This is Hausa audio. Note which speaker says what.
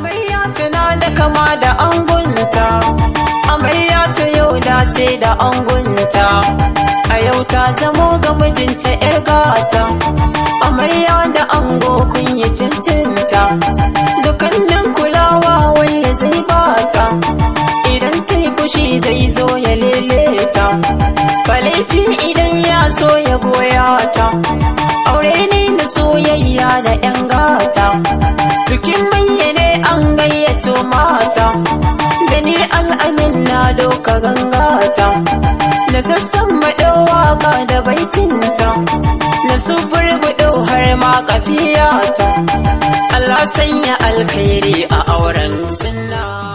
Speaker 1: amarya tana da kama da angunta amarya ta yau dace da angunta a yau ta zamo ga mijinta yar gata amarya da ango kun yi cincinta dukannin kulawa wanda zai bata idan ta yi fushi zai zo ya leleta falaifi idan ya so ya goya ta aure ne na soyayya da 'yan gata bikin fito mata da ni al'amin na doka gangata na sassan maɗau waka da baitinta na su burbuɗau har ma kafiyata Allah sanya
Speaker 2: alkhairi a auren sunna